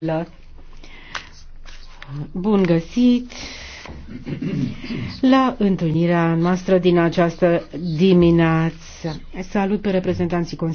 La... Bun găsit la întâlnirea noastră din această dimineață. Salut pe reprezentanții Consiliului.